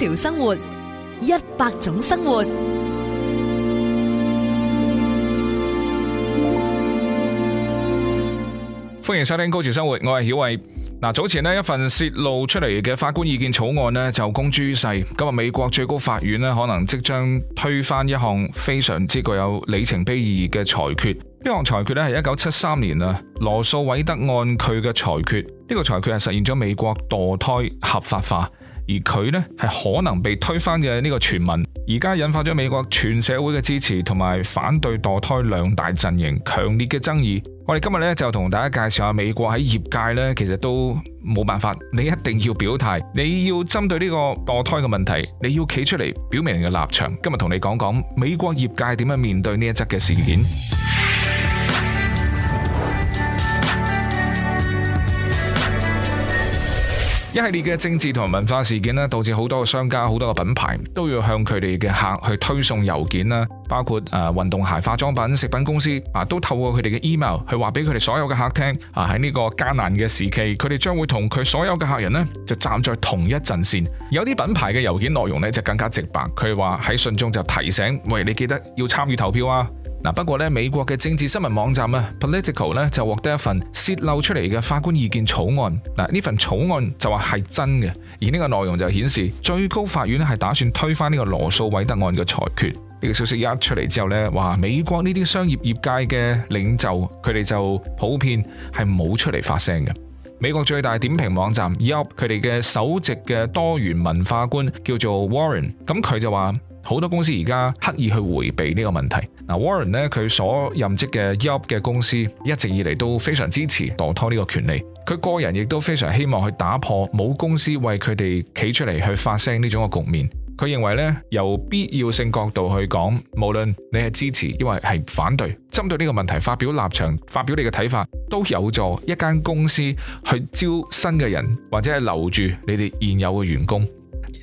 潮生活，一百種生活。歡迎收聽《高潮生活》，我係曉慧。嗱，早前呢一份洩露出嚟嘅法官意見草案呢，就公諸於世。今日美國最高法院呢，可能即將推翻一項非常之具有里程碑意義嘅裁決。呢項裁決呢係一九七三年啊，羅訴韋德案。佢嘅裁決呢、呢個裁決係實現咗美國墮胎合法化。而佢呢，係可能被推翻嘅呢個傳聞，而家引發咗美國全社會嘅支持同埋反對墮胎兩大陣營強烈嘅爭議。我哋今日呢，就同大家介紹下美國喺業界呢，其實都冇辦法，你一定要表態，你要針對呢個墮胎嘅問題，你要企出嚟表明你嘅立場。今日同你講講美國業界點樣面對呢一則嘅事件。一系列嘅政治同文化事件呢，導致好多嘅商家、好多嘅品牌都要向佢哋嘅客去推送郵件啦，包括誒運動鞋、化妝品、食品公司啊，都透過佢哋嘅 email 去話俾佢哋所有嘅客聽啊。喺呢個艱難嘅時期，佢哋將會同佢所有嘅客人呢就站在同一陣線。有啲品牌嘅郵件內容呢就更加直白，佢話喺信中就提醒：喂，你記得要參與投票啊！嗱，不過咧，美國嘅政治新聞網站啊，Political 咧就獲得一份洩漏出嚟嘅法官意見草案。嗱，呢份草案就話係真嘅，而呢個內容就顯示最高法院咧係打算推翻呢個羅素韋德案嘅裁決。呢、呢個消息一出嚟之後咧，話美國呢啲商業業界嘅領袖，佢哋就普遍係冇出嚟發聲嘅。美國最大點評網站 Yelp 佢哋嘅首席嘅多元文化官叫做 Warren，咁佢就話好多公司而家刻意去迴避呢個問題。嗱，Warren 呢，佢所任職嘅 Yelp 嘅公司一直以嚟都非常支持墮胎呢個權利，佢個人亦都非常希望去打破冇公司為佢哋企出嚟去發聲呢種嘅局面。佢認為咧，由必要性角度去講，無論你係支持，亦或係反對，針對呢個問題發表立場、發表你嘅睇法，都有助一間公司去招新嘅人，或者係留住你哋現有嘅員工。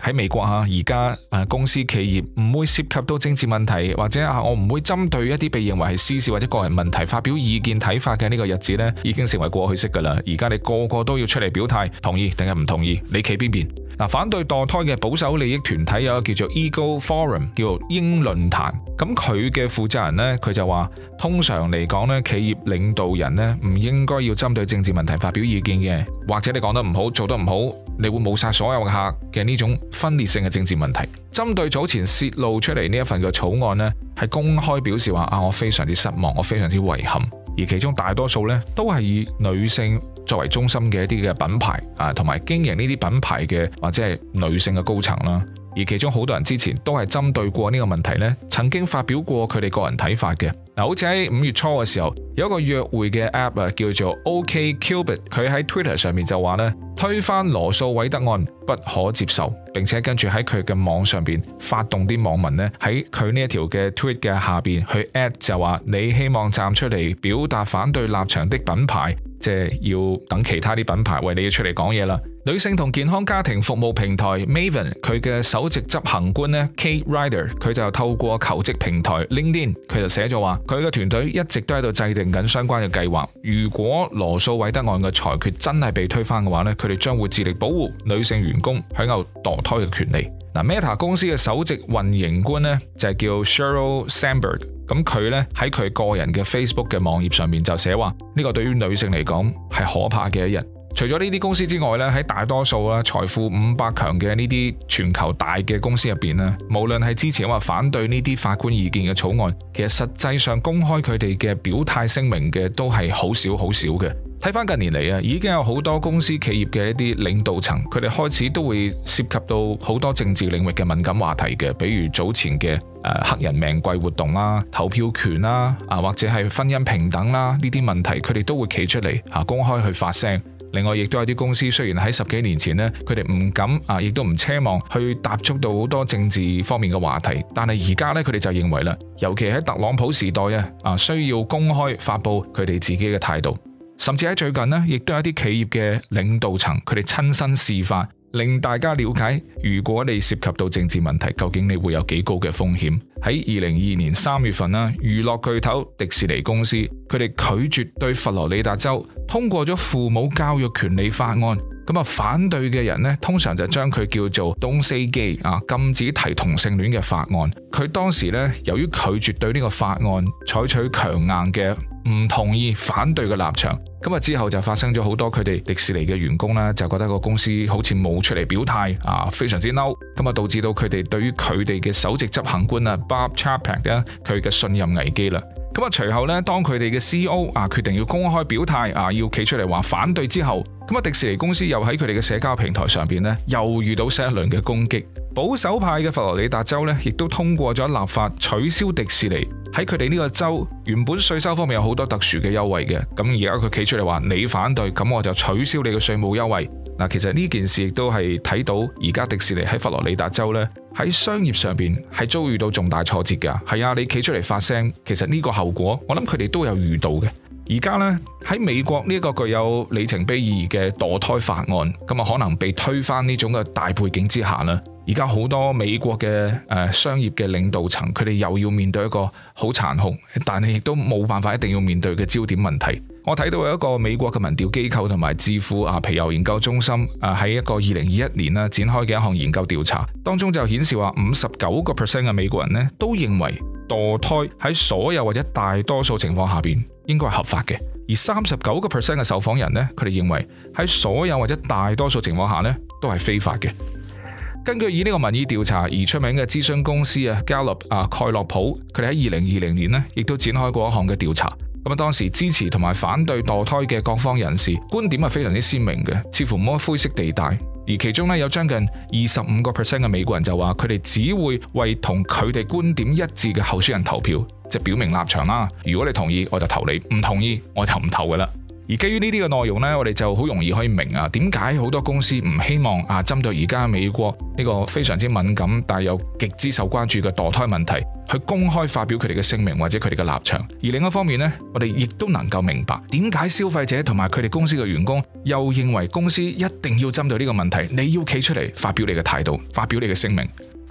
喺美國吓，而家誒公司企業唔會涉及到政治問題，或者吓我唔會針對一啲被認為係私事或者個人問題發表意見睇法嘅呢個日子咧，已經成為過去式㗎喇。而家你個個都要出嚟表態，同意定係唔同意，你企邊邊？嗱，反對墮胎嘅保守利益團體有個叫做 Eagle Forum，叫做鷹論壇。咁佢嘅負責人呢，佢就話：通常嚟講呢，企業領導人呢唔應該要針對政治問題發表意見嘅，或者你講得唔好，做得唔好，你會冇晒所有嘅客嘅呢種分裂性嘅政治問題。針對早前泄露出嚟呢一份嘅草案呢，係公開表示話：啊，我非常之失望，我非常之遺憾。而其中大多數呢，都係以女性。作為中心嘅一啲嘅品牌啊，同埋經營呢啲品牌嘅，或者係女性嘅高層啦。而其中好多人之前都係針對過呢個問題咧，曾經發表過佢哋個人睇法嘅嗱，好似喺五月初嘅時候，有一個約會嘅 app 啊，叫做 OKCupid，、OK、佢喺 Twitter 上面就話咧，推翻羅素偉德案不可接受，並且跟住喺佢嘅網上邊發動啲網民咧，喺佢呢一條嘅 tweet 嘅下邊去 at 就話你希望站出嚟表達反對立場的品牌，即係要等其他啲品牌為你要出嚟講嘢啦。女性同健康家庭服務平台 Maven 佢嘅首席執行官呢 Kate Ryder 佢就透過求職平台 LinkedIn 佢就寫咗話佢嘅團隊一直都喺度制定緊相關嘅計劃。如果羅訴韋德案嘅裁決真係被推翻嘅話呢，佢哋將會致力保護女性員工享有墮胎嘅權利。嗱，Meta 公司嘅首席運營官呢就係叫 Sheryl Sandberg。咁佢呢喺佢個人嘅 Facebook 嘅網頁上面就寫話呢、這個對於女性嚟講係可怕嘅一日。除咗呢啲公司之外咧，喺大多數啦，財富五百強嘅呢啲全球大嘅公司入邊咧，無論係支持或反對呢啲法官意見嘅草案，其實實際上公開佢哋嘅表態聲明嘅都係好少好少嘅。睇返近年嚟啊，已經有好多公司企業嘅一啲領導層，佢哋開始都會涉及到好多政治領域嘅敏感話題嘅，比如早前嘅誒黑人命貴活動啦、投票權啦啊，或者係婚姻平等啦呢啲問題，佢哋都會企出嚟啊公開去發聲。另外，亦都有啲公司，雖然喺十幾年前呢，佢哋唔敢啊，亦都唔奢望去踏足到好多政治方面嘅話題，但係而家呢，佢哋就認為啦，尤其喺特朗普時代啊，啊需要公開發布佢哋自己嘅態度，甚至喺最近呢，亦都有一啲企業嘅領導層，佢哋親身示範。令大家了解，如果你涉及到政治問題，究竟你會有幾高嘅風險？喺二零二二年三月份啦，娛樂巨頭迪士尼公司佢哋拒絕對佛羅里達州通過咗父母教育權利法案。咁啊，反對嘅人呢，通常就將佢叫做 don't say gay，禁止提同性戀嘅法案。佢當時呢，由於拒絕對呢個法案採取強硬嘅。唔同意反對嘅立場，咁啊之後就發生咗好多佢哋迪士尼嘅員工咧，就覺得個公司好似冇出嚟表態啊，非常之嬲，咁啊導致到佢哋對於佢哋嘅首席執行官啊 Bob Chapek 佢嘅信任危機啦。咁啊，隨後咧，當佢哋嘅 CEO 啊決定要公開表態啊，要企出嚟話反對之後，咁啊，迪士尼公司又喺佢哋嘅社交平台上邊咧，又遇到新一輪嘅攻擊。保守派嘅佛羅里達州咧，亦都通過咗立法取消迪士尼喺佢哋呢個州原本稅收方面有好多特殊嘅優惠嘅，咁而家佢企出嚟話你反對，咁我就取消你嘅稅務優惠。嗱，其實呢件事亦都係睇到而家迪士尼喺佛羅里達州呢，喺商業上邊係遭遇到重大挫折噶。係啊，你企出嚟發聲，其實呢個後果，我諗佢哋都有遇到嘅。而家呢，喺美國呢個具有里程碑意義嘅墮胎法案，咁啊可能被推翻呢種嘅大背景之下咧。而家好多美國嘅誒、呃、商業嘅領導層，佢哋又要面對一個好殘酷，但係亦都冇辦法一定要面對嘅焦點問題。我睇到有一個美國嘅民調機構同埋智庫啊皮尤研究中心啊喺、呃、一個二零二一年啦展開嘅一項研究調查，當中就顯示話五十九個 percent 嘅美國人呢，都認為墮胎喺所有或者大多數情況下邊應該係合法嘅，而三十九個 percent 嘅受訪人呢，佢哋認為喺所有或者大多數情況下呢，都係非法嘅。根據以呢個民意調查而出名嘅諮詢公司 Gallup，啊蓋洛普，佢哋喺二零二零年咧，亦都展開過一項嘅調查。咁啊，當時支持同埋反對墮胎嘅各方人士觀點係非常之鮮明嘅，似乎冇乜灰色地帶。而其中呢，有將近二十五個 percent 嘅美國人就話，佢哋只會為同佢哋觀點一致嘅候選人投票，即、就是、表明立場啦。如果你同意，我就投你；唔同意，我就唔投噶啦。而基於呢啲嘅內容呢，我哋就好容易可以明啊，點解好多公司唔希望啊針對而家美國呢個非常之敏感但又極之受關注嘅墮胎問題去公開發表佢哋嘅聲明或者佢哋嘅立場。而另一方面呢，我哋亦都能夠明白點解消費者同埋佢哋公司嘅員工又認為公司一定要針對呢個問題，你要企出嚟發表你嘅態度，發表你嘅聲明。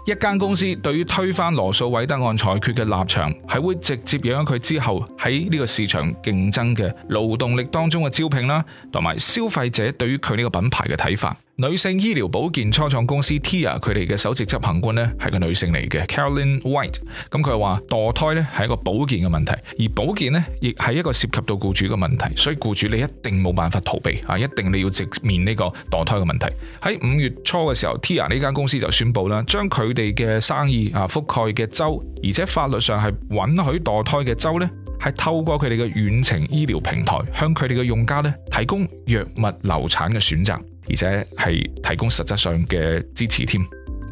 一間公司對於推翻羅素韋德案裁決嘅立場，係會直接影響佢之後喺呢個市場競爭嘅勞動力當中嘅招聘啦，同埋消費者對於佢呢個品牌嘅睇法。女性醫療保健初創公司 Tia 佢哋嘅首席執行官呢係個女性嚟嘅，Caroline White 咁佢話墮胎呢係一個保健嘅問題，而保健呢亦係一個涉及到雇主嘅問題，所以雇主你一定冇辦法逃避啊，一定你要直面呢個墮胎嘅問題。喺五月初嘅時候，Tia 呢間公司就宣布啦，將佢哋嘅生意啊覆蓋嘅州，而且法律上係允許墮胎嘅州呢係透過佢哋嘅遠程醫療平台向佢哋嘅用家呢提供藥物流產嘅選擇。而且係提供實質上嘅支持添。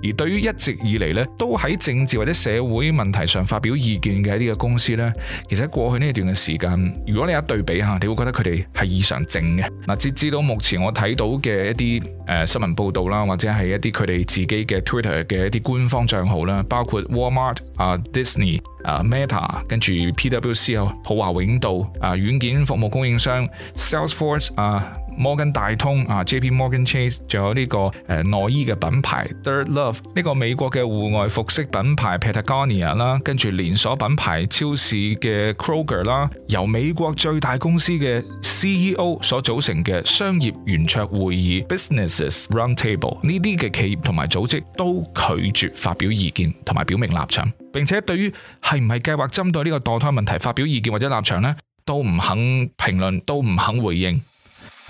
而對於一直以嚟呢都喺政治或者社會問題上發表意見嘅呢個公司呢，其實過去呢段嘅時間，如果你一對比下，你會覺得佢哋係異常靜嘅。嗱，截止到目前我睇到嘅一啲誒、呃、新聞報導啦，或者係一啲佢哋自己嘅 Twitter 嘅一啲官方帳號啦，包括 Walmart、啊、Disney，啊 Disney、Meta 啊 Meta，跟住 PWC、普華永道、啊軟件服務供應商 Salesforce 啊。摩根大通啊，J.P. Morgan Chase，仲有呢個誒內衣嘅品牌 Third Love，呢個美國嘅戶外服飾品牌 Patagonia 啦，跟住連鎖品牌超市嘅 Kroger 啦，由美國最大公司嘅 CEO 所組成嘅商業圓桌會議 Businesses Roundtable，呢啲嘅企業同埋組織都拒絕發表意見同埋表明立場，並且對於係唔係計劃針對呢個墮胎問題發表意見或者立場呢，都唔肯評論，都唔肯回應。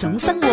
種生活，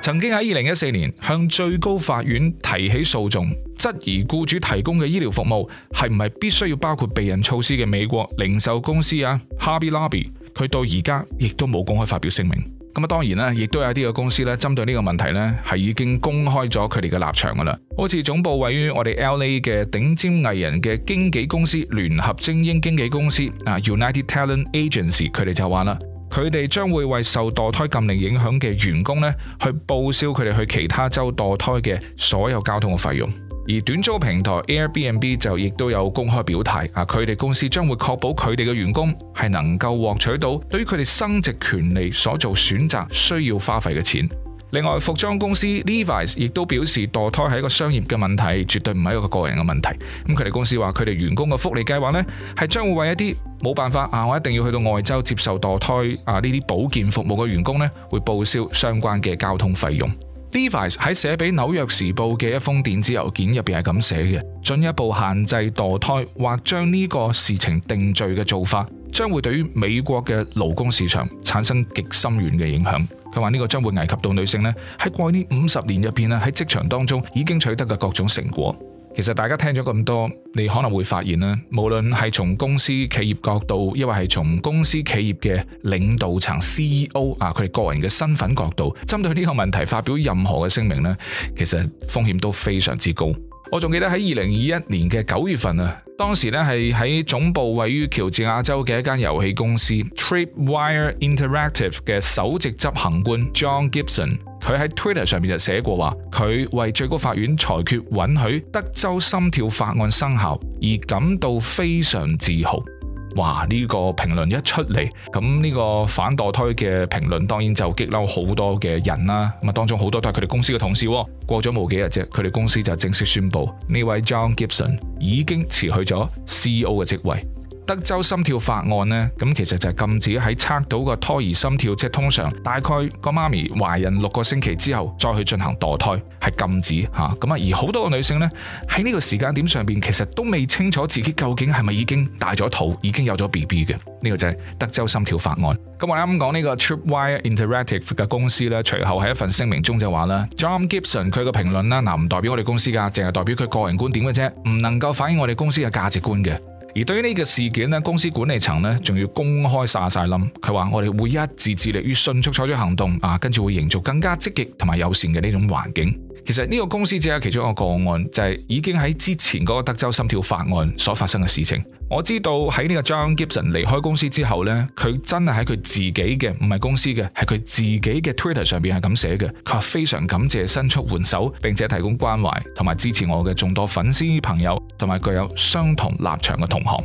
曾經喺二零一四年向最高法院提起訴訟，質疑雇主提供嘅醫療服務係唔係必須要包括避孕措施嘅美國零售公司啊，Hobby Lobby，佢到而家亦都冇公開發表聲明。咁啊，當然啦，亦都有一啲嘅公司咧，針對呢個問題咧，係已經公開咗佢哋嘅立場㗎喇。好似總部位於我哋 LA 嘅頂尖藝人嘅經紀公司聯合精英經紀公司啊，United Talent Agency，佢哋就話啦，佢哋將會為受墮胎禁令影響嘅員工咧，去報銷佢哋去其他州墮胎嘅所有交通嘅費用。而短租平台 Airbnb 就亦都有公開表態，啊，佢哋公司將會確保佢哋嘅員工係能夠獲取到對於佢哋生殖權利所做選擇需要花費嘅錢。另外，服裝公司 Levi’s 亦都表示墮胎係一個商業嘅問題，絕對唔係一個個人嘅問題。咁佢哋公司話，佢哋員工嘅福利計劃呢係將會為一啲冇辦法啊，我一定要去到外州接受墮胎啊呢啲保健服務嘅員工呢，會報銷相關嘅交通費用。Levis 喺寫俾《紐約時報》嘅一封電子郵件入邊係咁寫嘅：「進一步限制墮胎或將呢個事情定罪嘅做法，將會對於美國嘅勞工市場產生極深遠嘅影響。佢話呢個將會危及到女性呢喺過去呢五十年入邊呢喺職場當中已經取得嘅各種成果。其實大家聽咗咁多，你可能會發現咧，無論係從公司企業角度，亦或係從公司企業嘅領導層 CEO 啊，佢哋個人嘅身份角度，針對呢個問題發表任何嘅聲明咧，其實風險都非常之高。我仲記得喺二零二一年嘅九月份啊，當時咧係喺總部位於喬治亞州嘅一間遊戲公司 Tripwire Interactive 嘅首席執行官 John Gibson，佢喺 Twitter 上面就寫過話，佢為最高法院裁決允許德州心跳法案生效而感到非常自豪。哇！呢、呢個評論一出嚟，咁、呢、呢個反墮胎嘅評論當然就激嬲好多嘅人啦。咁啊，當中好多都係佢哋公司嘅同事。過咗冇幾日啫，佢哋公司就正式宣布呢位 John Gibson 已經辭去咗 CEO 嘅職位。德州心跳法案呢，咁其實就係禁止喺測到個胎兒心跳，即係通常大概個媽咪懷孕六個星期之後再去進行墮胎係禁止吓，咁啊，而好多個女性呢，喺呢個時間點上邊，其實都未清楚自己究竟係咪已經大咗肚，已經有咗 B B 嘅，呢、這個就係德州心跳法案。咁、嗯、我啱講呢個 Tripwire Interactive 嘅公司呢，隨後喺一份聲明中就話啦，John Gibson 佢嘅評論啦，嗱、啊、唔代表我哋公司噶，淨係代表佢個人觀點嘅啫，唔能夠反映我哋公司嘅價值觀嘅。而對於呢個事件咧，公司管理層咧仲要公開曬晒冧。佢話：我哋會一致致力於迅速採取行動啊，跟住會營造更加積極同埋友善嘅呢種環境。其實呢個公司只係其中一個個案，就係已經喺之前嗰個德州心跳法案所發生嘅事情。我知道喺呢個 John Gibson 離開公司之後呢，佢真係喺佢自己嘅，唔係公司嘅，係佢自己嘅 Twitter 上邊係咁寫嘅。佢話非常感謝伸出援手並且提供關懷同埋支持我嘅眾多粉絲朋友同埋具有相同立場嘅同行，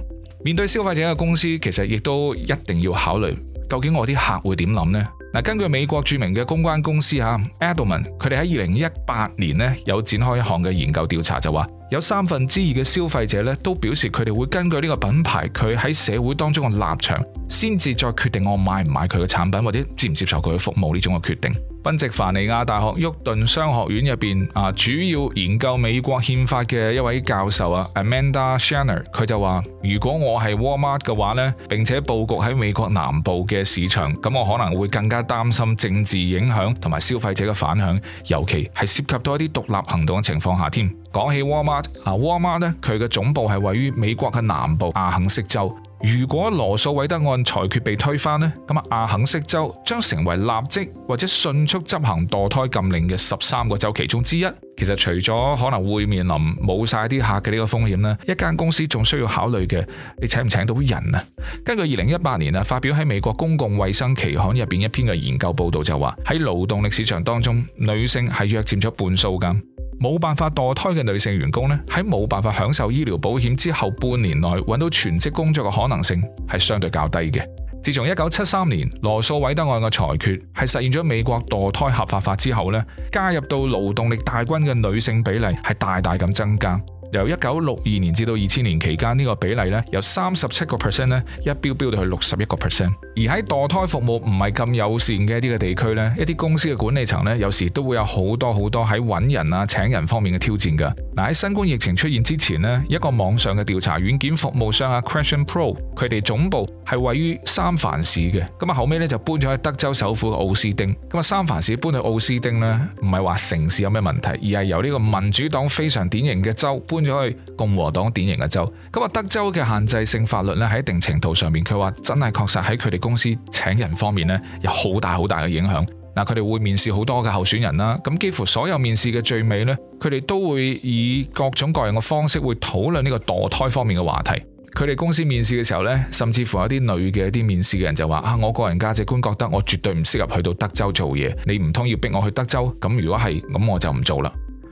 面對消費者嘅公司，其實亦都一定要考慮，究竟我啲客會點諗呢？嗱，根據美國著名嘅公關公司嚇 Adelman，佢哋喺二零一八年咧有展開一項嘅研究調查就，就話。有三分之二嘅消費者咧，都表示佢哋會根據呢個品牌佢喺社會當中嘅立場，先至再決定我買唔買佢嘅產品或者接唔接受佢嘅服務呢種嘅決定。賓夕凡尼亞大學沃頓商學院入邊啊，主要研究美國憲法嘅一位教授啊，Amanda Shaner 佢就話：如果我係 Walmart 嘅話咧，並且佈局喺美國南部嘅市場，咁我可能會更加擔心政治影響同埋消費者嘅反響，尤其係涉及到一啲獨立行動嘅情況下添。講起 Walmart 啊，Walmart 呢，佢嘅總部係位於美國嘅南部阿肯色州。如果羅素韋德案裁決被推翻呢，咁啊，阿肯色州將成為立即或者迅速執行墮胎禁令嘅十三個州其中之一。其實除咗可能會面臨冇晒啲客嘅呢個風險呢，一間公司仲需要考慮嘅，你請唔請到人啊？根據二零一八年啊，發表喺美國公共衛生期刊入邊一篇嘅研究報道就話，喺勞動力市場當中，女性係約佔咗半數㗎。冇辦法墮胎嘅女性員工咧，喺冇辦法享受醫療保險之後，半年內揾到全職工作嘅可能性係相對較低嘅。自從一九七三年羅訴韋德案嘅裁決係實現咗美國墮胎合法化之後咧，加入到勞動力大軍嘅女性比例係大大咁增加。由一九六二年至到二千年期間呢個比例咧，由三十七個 percent 咧，一飆飆到去六十一個 percent。而喺墮胎服務唔係咁友善嘅一啲嘅地區呢，一啲公司嘅管理層呢，有時都會有好多好多喺揾人啊、請人方面嘅挑戰㗎。嗱、啊、喺新冠疫情出現之前呢，一個網上嘅調查軟件服務商啊 QuestionPro，佢哋總部係位於三藩市嘅，咁啊後尾咧就搬咗喺德州首府奧斯丁。咁啊三藩市搬去奧斯丁呢，唔係話城市有咩問題，而係由呢個民主黨非常典型嘅州搬咗去共和黨典型嘅州，咁啊，德州嘅限制性法律呢，喺一定程度上面，佢話真係確實喺佢哋公司請人方面呢，有好大好大嘅影響。嗱，佢哋會面試好多嘅候選人啦，咁幾乎所有面試嘅最尾呢，佢哋都會以各種各樣嘅方式會討論呢個墮胎方面嘅話題。佢哋公司面試嘅時候呢，甚至乎有啲女嘅一啲面試嘅人就話啊，我個人價值觀覺得我絕對唔適合去到德州做嘢，你唔通要逼我去德州？咁如果係咁，我就唔做啦。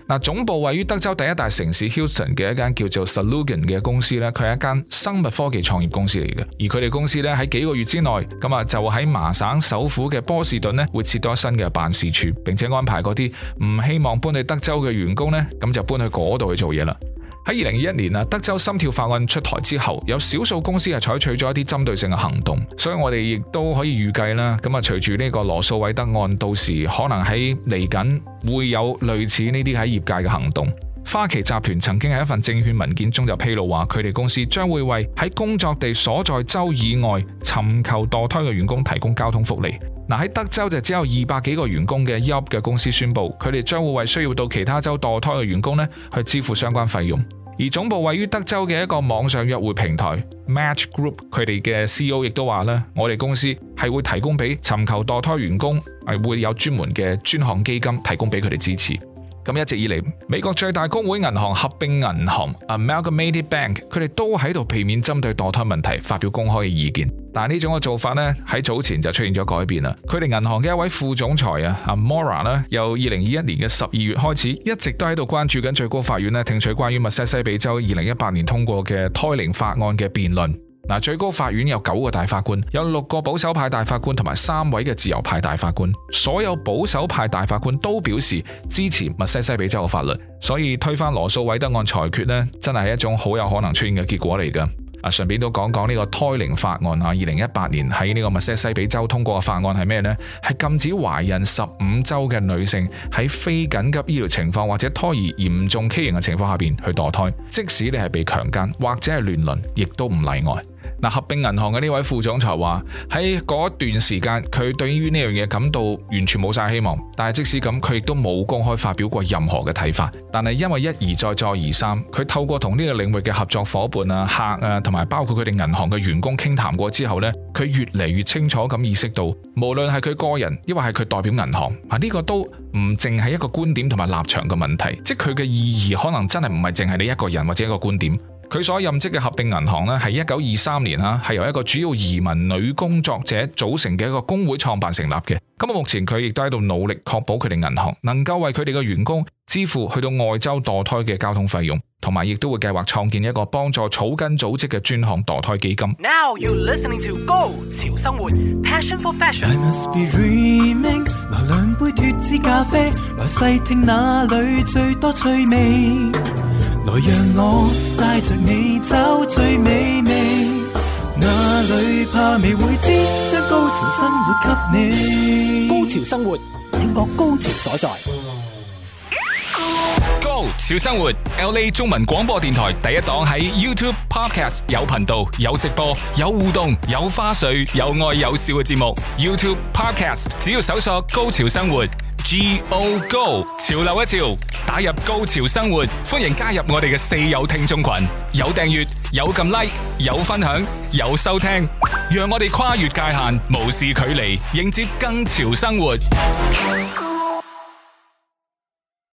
嗱總部位於德州第一大城市 Houston 嘅一間叫做 Salugin 嘅公司咧，佢係一間生物科技創業公司嚟嘅，而佢哋公司咧喺幾個月之內咁啊，就喺麻省首府嘅波士頓咧，會設多新嘅辦事處，並且安排嗰啲唔希望搬去德州嘅員工咧，咁就搬去嗰度去做嘢啦。喺二零二一年啊，德州心跳法案出台之後，有少數公司係採取咗一啲針對性嘅行動，所以我哋亦都可以預計啦。咁啊，隨住呢個羅素韋德案，到時可能喺嚟緊會有類似呢啲喺業界嘅行動。花旗集團曾經喺一份證券文件中就披露話，佢哋公司將會為喺工作地所在州以外尋求墮胎嘅員工提供交通福利。嗱，喺德州就只有二百幾個員工嘅 Yelp 嘅公司宣布，佢哋將會為需要到其他州墮胎嘅員工呢去支付相關費用。而總部位於德州嘅一個網上約會平台 Match Group，佢哋嘅 CEO 亦都話：呢，我哋公司係會提供俾尋求墮胎員工，係會有專門嘅專項基金提供俾佢哋支持。咁一直以嚟，美國最大工會銀行合並銀行 Amalgamated Bank，佢哋都喺度避免針對墮胎問題發表公開嘅意見。但呢種嘅做法咧，喺早前就出現咗改變啦。佢哋銀行嘅一位副總裁啊 Amora 咧，由二零二一年嘅十二月開始，一直都喺度關注緊最高法院咧，聽取關於密西西比州二零一八年通過嘅胎齡法案嘅辯論。嗱，最高法院有九個大法官，有六個保守派大法官同埋三位嘅自由派大法官。所有保守派大法官都表示支持密西西比州嘅法律，所以推翻羅訴韋德案裁決咧，真係一種好有可能出現嘅結果嚟噶啊，順便都講講呢個胎齡法案啊。二零一八年喺呢個密西西比州通過嘅法案係咩呢？係禁止懷孕十五周嘅女性喺非緊急醫療情況或者胎兒嚴重畸形嘅情況下邊去墮胎，即使你係被強姦或者係亂倫，亦都唔例外。嗱，合併銀行嘅呢位副總裁話喺嗰段時間，佢對於呢樣嘢感到完全冇晒希望。但係即使咁，佢亦都冇公開發表過任何嘅睇法。但係因為一而再，再而三，佢透過同呢個領域嘅合作夥伴啊、客啊，同埋包括佢哋銀行嘅員工傾談過之後呢，佢越嚟越清楚咁意識到，無論係佢個人亦或係佢代表銀行，啊呢個都唔淨係一個觀點同埋立場嘅問題，即佢嘅意義可能真係唔係淨係你一個人或者一個觀點。佢所任職嘅合併銀行呢，係一九二三年啦，係由一個主要移民女工作者組成嘅一個工會創辦成立嘅。咁啊，目前佢亦都喺度努力確保佢哋銀行能夠為佢哋嘅員工支付去到外州墮胎嘅交通費用，同埋亦都會計劃創建一個幫助草根組織嘅專項墮胎基金。Now you listening to go，潮生活，passion for fashion，I must be dreaming 來讓我帶着你找最美味，哪裏怕未會知，將高潮生活給你。高潮生活，聽覺高潮所在。高潮生活，LA 中文廣播電台第一檔，喺 YouTube Podcast 有頻道、有直播、有互動、有花絮、有愛有笑嘅節目。YouTube Podcast 只要搜索“高潮生活”。G O Go，潮流一潮，打入高潮生活，歡迎加入我哋嘅四友聽眾群，有訂閱，有撳 like，有分享，有收聽，讓我哋跨越界限，無視距離，迎接更潮生活。